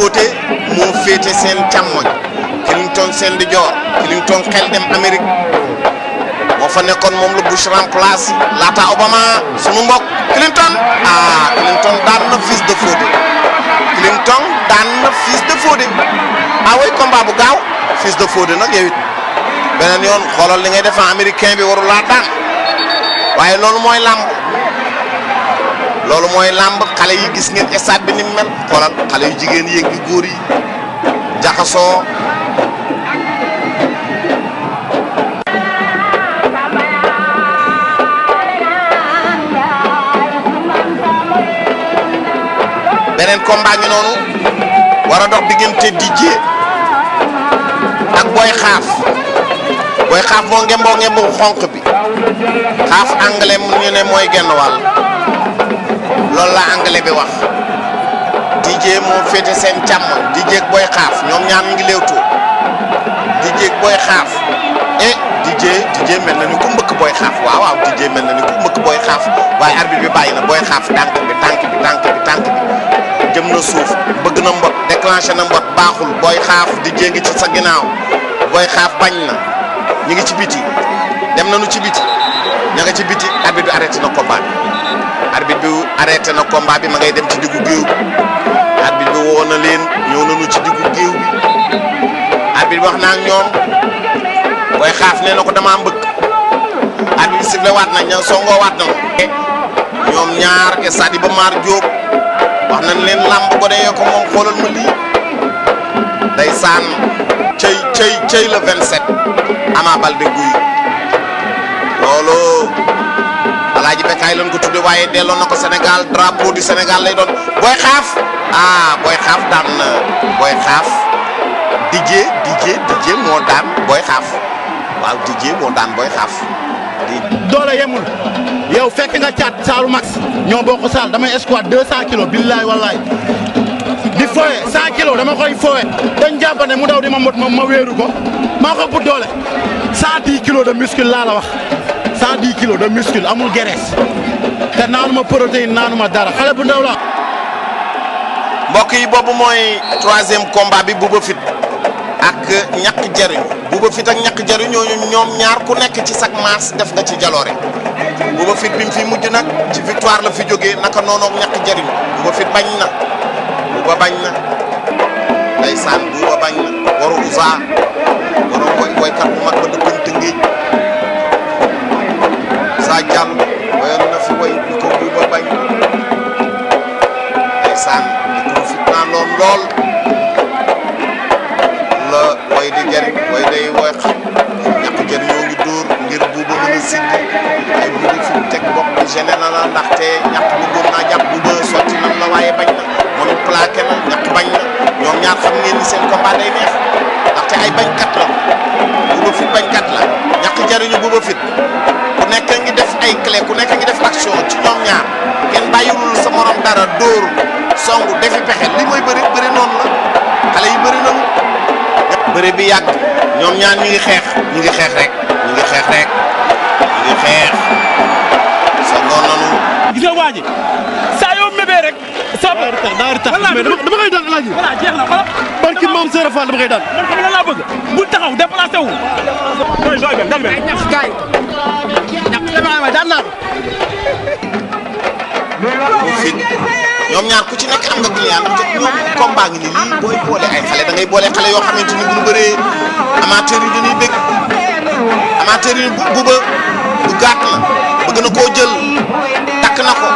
Fouta moo féete seen càmmoñ Clinton seen di joor Clinton xel dem Amérique moo fa nekkoon moom la Bush remplace laata Obama sunu mbokk Clinton ah Clinton daan na fils de Fouta Clinton daan na fils de Fouta ah way combat bu gaaw fils de Fouta nag yow it beneen yoon xoolal li ngay defan américain bi waru laa daan waaye loolu mooy làmb loolu mooy làmb xale yi gis ngeen stade bi ni mel xoolal xale yu jigéen yéeg yu góor yi jaxasoo beneen combat ngi noonu war a dox diggante Didier ak Boy Xaaf Boy Xaaf moo ngemboo ngembu xonq bi Xaaf anglais mu ñu ne mooy genn wàll loolu la anglais bi wax Didier moo féete seen càmmoñ Didier ak Boy Xaaf ñoom ñaar ñu ngi léewtoo Didier ak Boy Xaaf et eh, Didier Didier mel na ni ku mbëkk Boy Xaaf waaw waaw Didier mel na ni ku mbëkk Boy Xaaf waaye arbitre bi bàyyi na Boy Xaaf tànk bi tànk bi tànk bi tànk bi jëm na suuf bëgg na mbot déclenché na mbot baaxul booy Xaaf Didier ngi ci sa ginnaaw Boy Xaaf bañ na ñu ngi ci biti dem nañu ci biti ña nga ci biti arbitre bi na combat arbitre bi arrêté na combat bi ma ngay dem ci diggu géew bi arbitre bi woo na leen ñëw nañu ci diggu bi arbitre bi wax naa ak ñoom booy xaaf nee na ko dama am bëgg arbitre bi sifflé waat na ña songoo waat na ñoom ñaar stade Iba Mar Diop wax nañ leen làmb gone yee ko moom xoolal ma lii day saan cëy cëy cëy le 27 Ama Baldé Gouye loolu alaaji Bécaye lañ ko tudde waaye delloo na ko Sénégal drapeau du Sénégal lay doon booy xaaf ah booy xaaf daan booy xaaf dijee dijee dijee moo daan booy xaaf waaw dijee moo daan booy xaaf doole yemul yow fekk nga caat saalu max ñoo bokk saal damay escouade 200 kilos billaay wallaay di fowe 100 kilos dama koy fowe dañ jàpp mu daw di ma mot ma ma wéeru ko maa ko doole 110 kilos de muscle laa la wax cent dix kilos de amul graisse te naanuma protéine naanuma dara xale bu ndaw la mbokk yi boobu mooy troisième combat bi Bouba Fit ak ñàkk jariñu Bouba ak ñàkk jariñu ñoom ñaar ku nekk ci sac mars def nga ci jaloore Bouba Fit fi mujj nag ci victoire la fi jógee naka noonu ak ñàkk jariñu bañ na Bouba bañ na ndeysaan Bouba bañ na waru usa waru woy woykat mag ba dëkkan tëngéej Moussa Diagne wayoon na fi way bi ko buuba bañ ndeysaan di profit naa lool lool la way di jëriñ way day wax ñàkk jën ñoo ngi dóor ngir buuba mën a sigg ay buuba fi teg bopp bi la ndaxte ñàkk bëggoon naa jàpp buuba sotti nan la waaye bañ na moom it na ñàkk bañ na ñoom ñaar xam ngeen seen combat day neex ndaxte ay bañkat la buuba fit bañkat la ñàkk jëriñu buuba fit ay clé ku nekk ngi def action ci ñoom ñaar kenn bàyyiwul sa morom dara dóoru songu defi pexe li mooy bëri bëri noonu la xale yi bëri noonu bëri bi yàgg ñoom ñaan ñu ngi xeex ñu ngi xeex rek ñu ngi xeex rek ñu ngi xeex songoon ji saa yoo mébee rek sa daa tax mais dama koy daan laaj voilà jeex na xala maam Serap Fall dama koy daan man xam lan laa bëgg bul Ibrahima daan ñoom ñaar ku ci nekk am nga client ndax te ñoom combat ngi nii lii booy boole ay xale da boole xale yoo xamante ni bu ñu bëree amateur yi bëgg amateur yi bu bu ba bëgg na koo jël takk na ko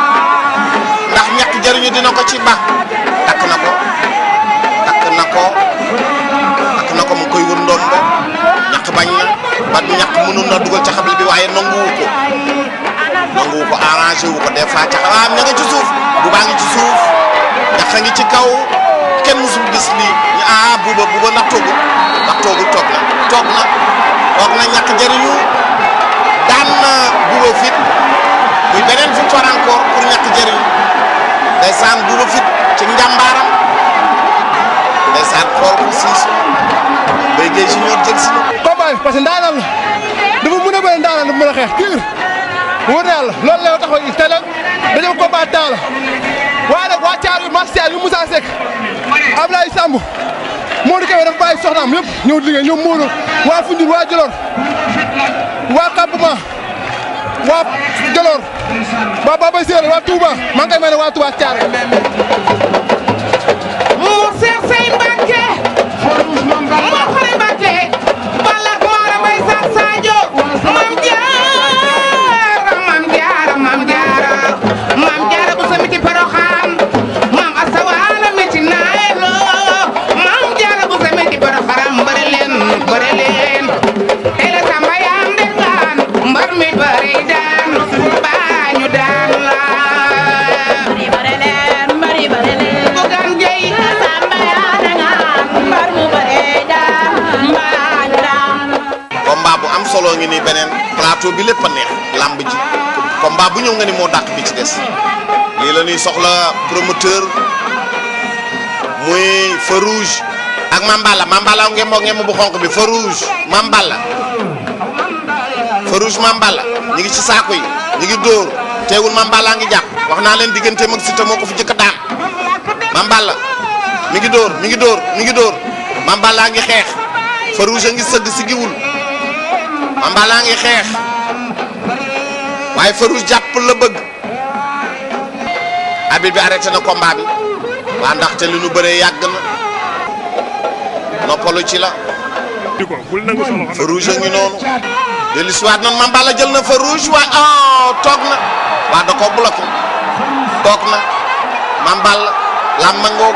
ndax ñàkk jariñu dina ko ci ba takk na ko takk na ko. mënoon na dugal caxabal bi waaye nanguwu ko nanguwu ko arrangé wu ko des fois caxabaam ci suuf bu ngi ci suuf ndax a ngi ci kaw kenn musul gis lii ñu ah buuba buuba nag toogul nag toogul toog na toog na toog na ñàkk jëriñu daan na muy beneen victoire encore pour ñàkk jëriñu ndeysaan buuba fit ci njàmbaaram ndeysaan xool ko siis béykat yi si ñor jël si. combat mën a xeex pur wóor na yàlla loolu la taxaw it te nag dañoo combat temps la waaye nag waa Thiaroye martial yu Moussa Seck Ablaye Samb soxnaam yëpp ñëw liggéey ñoom Modou waa Foundiougne waa Djolor waa campement waa Djolor waa Baba Séeréer waa Touba maa ngi koy may waa Touba Thiaroye Mor Seex plateau ngi nii beneen plateau bi lépp a neex làmb ji combat bu ñëw nga ni moo dàq bi ci des la ñuy soxla promoteur muy feu ak mamballa mamballa ngeen moo ngeen bi feu rouge mamballa feu rouge mamballa ñi ngi ci saako yi ñi ngi dóor teewul mamballa ngi jàpp wax naa leen digganteem ak Siteu moo ko fi jëkk mamballa mi ngi dóor mi ngi dóor mi ngi dóor mamballa ngi xeex feu rouge ngi sëgg si giwul Mamba laa ngi xeex waaye Farouz jàpp la bëgg arbitre bi arrêté na combat waa ndaxte li ñu bëree yàgg na noppalu ci la Farouz a ngi noonu dellu si waat noonu Mamba la jël na Farouz waaye oh toog na waa da ko toog na Mamba la làmmangoo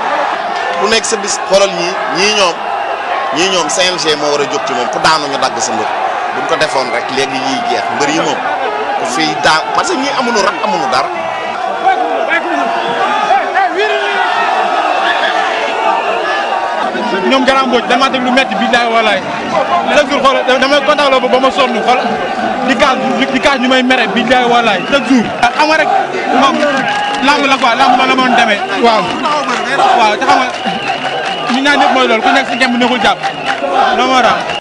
ku nekk sa bis xoolal ñii ñii ñoom ñii ñoom CNG moo war a jóg ci moom ku daanu ñu dagg sa buñ ko defoon rek léegi yiy jeex mbër yi moom ku fii daa parce que ñi amuñu rak amuñu dara. ñoom Gara Mbodj damaa dégg lu métti bii daay walaay chaque xool damay kontaan loo ba ma sonn xool di kaas di kaas ñu may mere bii daay walaay chaque jour. xam nga rek moom lamb la ko lamb ma la mën demee waaw waaw te xam nga ñu naan ñëpp mooy ku nekk si ngemb neexul jàpp loolu moo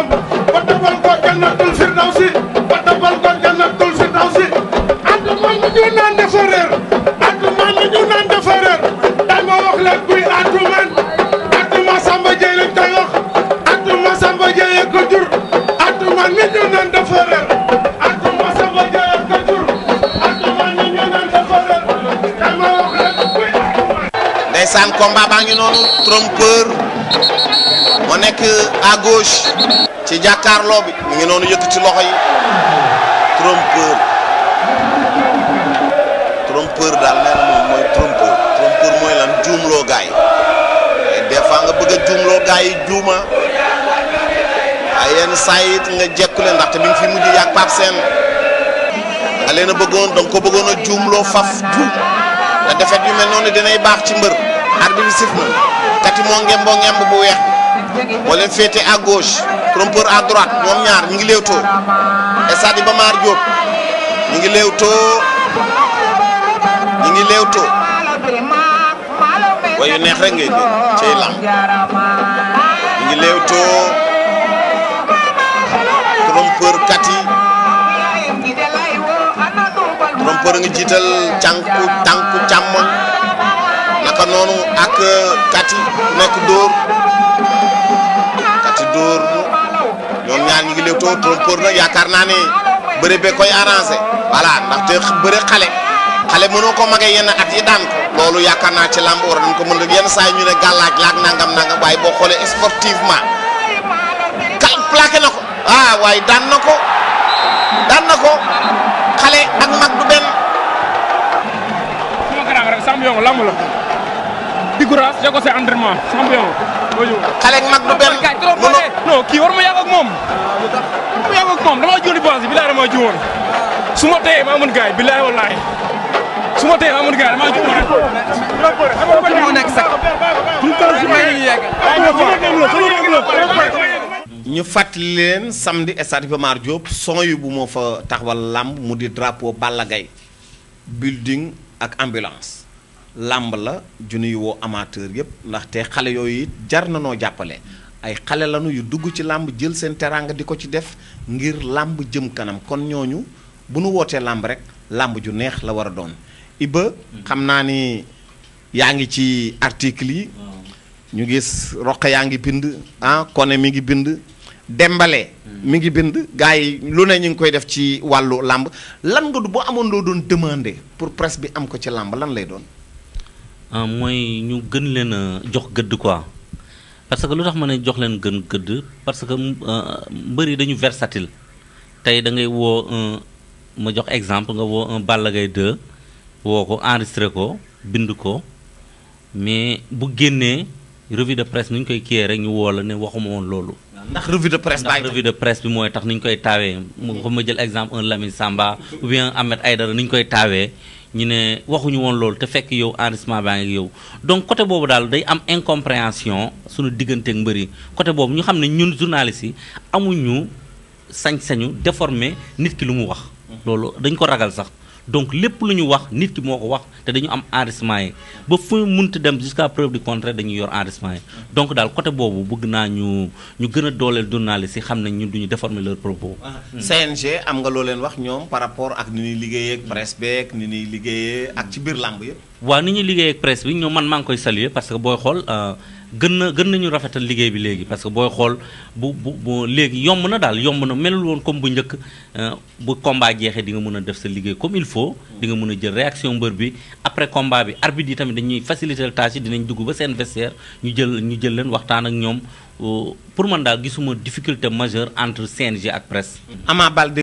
ndeysaan combat baa ngi noonu trompeur moo nekk à ci jàkkaarloo bi mu ngi noonu yëkk ci loxo yi trompeur trompeur daal nee na moom mooy trompeur trompeur mooy lan juumloo gaay yi des fois nga bëgg a juumloo gaay yi juuma waaye yenn saa nga jekkule ndaxte bi nga fi mujj yàgg Pape Sène da leen bëggoon da ko bëggoon a juumloo faf juum te defet yu mel noonu dinay baax ci mbër arbitre bi sif na kati moo ngemb boo bu weex moo leen féete à gauche trompeur à droite ñaar ñu ngi léewtoo stade Iba Mar Diop ñu ngi léewtoo ñu ngi léewtoo waaye yu neex rek ngay dégg cey lam ñu ngi léewtoo trompeur kati trompeur nga jiital noonu ak euh, Kati nekk Dóor Kati Dóor ñoom ñaar ñu ngi léegi toog trompeur nag yaakaar naa ne bëre bee koy arrangé voilà ndaxte bëre xale xale mënoo ko magee yenn at yi daan loolu yaakaar naa ci làmb war nañ ko mën rek yenn saa yi ñu ne gàllaaj laak nangam nangam waaye boo xoolee sportivement kal plaqué na ko ah waaye daan na ko daan na ko xale ak mag du benn. di courage de ko sa entraînement champion xale ak mag du benn non kii war ma yàgg ak moom war ma yàgg ak moom dama jëli base bi laa dama ji woon su ma teye maa mën gaay billahi wallahi su ma teye maa mën gaay dama ji woon mu nekk sax ñu fàttali leen samedi stade Iba Mar Diop son yu bu moo fa taxawal làmb mu di drapeau Balla Gaye building ak ambulance làmb la ju nuy woo amateur yëpp ndaxte xale yooyu it jar na noo jàppale ay xale lanu yu dugg ci làmb jël seen teraanga di ko ci def ngir làmb jëm kanam kon ñooñu bu nu wootee làmb rek làmb ju neex la war a doon Iba xam naa ni yaa ngi ci article yi ñu gis roq yaa ngi bind ah Koné mi ngi bind dembale mi ngi bind gars yi lu ne ñu ngi koy def ci wàllu làmb lan nga du boo amoon loo doon demander pour presse bi am ko ci làmb lan lay doon Euh, mooy ñu gën leen jox gëdd quoi parce que lu tax ma ne jox leen gën gëdd parce que euh, mbër yi dañu versatile tey da ngay woo ma jox exemple nga woo un Balla Gaye 2 woo ko enregistré ko bind ko mais bu génnee revue de presse ni ñu koy kiyee rek ñu woo la ne waxuma woon loolu. ndax revue de presse ndax revue de bi mooy tax ni ñu koy taawee. mu ma jël exemple un Lamine Samba ou bien Ahmed Aïdara ni ñu koy taawee. ñu ne waxuñu woon loolu te fekk yow enregistrement baa ngi yow donc côté boobu daal day am incompréhension suñu diggante ak mbër yi côté boobu ñu xam ne ñun journalistes yi amuñu sañ-sañu déformer nit ki lu mu wax. Mm-hmm. loolu dañ ko ragal sax. donc lépp lu ñu wax nit ki moo ko wax te dañu am enregistrement yi ba fu munti dem jusqu'à preuve du contraire dañuy yor enregistrement yi donc daal côté boobu bëgg naa ñu ñu gën a dooleel journaliste si xam nañ ñu duñu déformer leur propos. Ah, CNG am nga loo leen wax ñoom par rapport ak ni ñuy liggéeyee ak presse beeg ni ñuy liggéeyee ak ci biir làmb yëpp. waa ni ñuy liggéeyee ak presse bi ñoom man maa ngi koy saluer parce que booy xool. Euh, gën na gën nañu rafetal liggéey bi léegi parce que booy xool bu bu bu léegi yomb na daal yomb na melul woon comme bu njëkk euh, bu combat jeexee di nga mën a def sa liggéey comme il faut di nga a jël réaction mbër bi après combat bi arbitre yi tamit dañuy faciliter tâche yi dinañ dugg ba seen vestiaire ñu jël ñu jël leen waxtaan ak ñoom euh, pour man daal gisuma difficulté majeure entre CNG ak presse. Ama Baldé